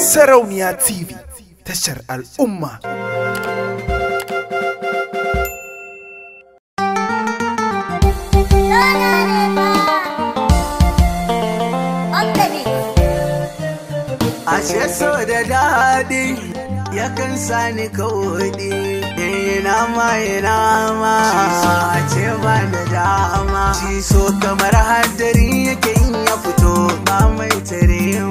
Sarauniya TV tashar al'umma. Ashe so da daɗi yakan sani kawai ina ma ina ma a ce ba da dama. Shi so kamar hadari yake in ya fito ba mai tarewa.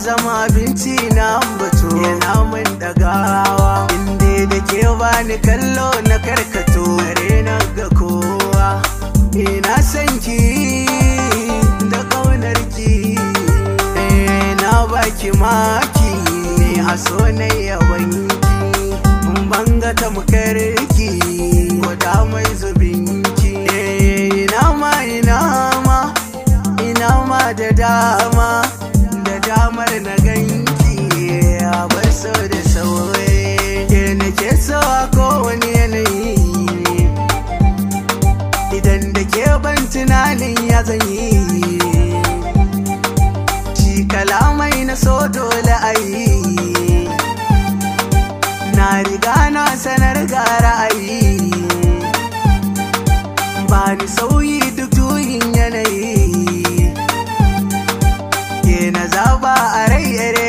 zama abinci na ambato yana min dagawa inda da ke bani kallo na karkato kare na ga kowa ina san ki da kaunar ki eh, na baki maki ne a so na yawan mun banga ta mukarki ko da mai zubin ki eh, ina ma ina ma ina ma da dama tunanin ya zanyi ci kalamai na so dole a yi na riga na sanar ga ra'ayi ba ni sauyi duk tuyin yanayi ke na zaba a rai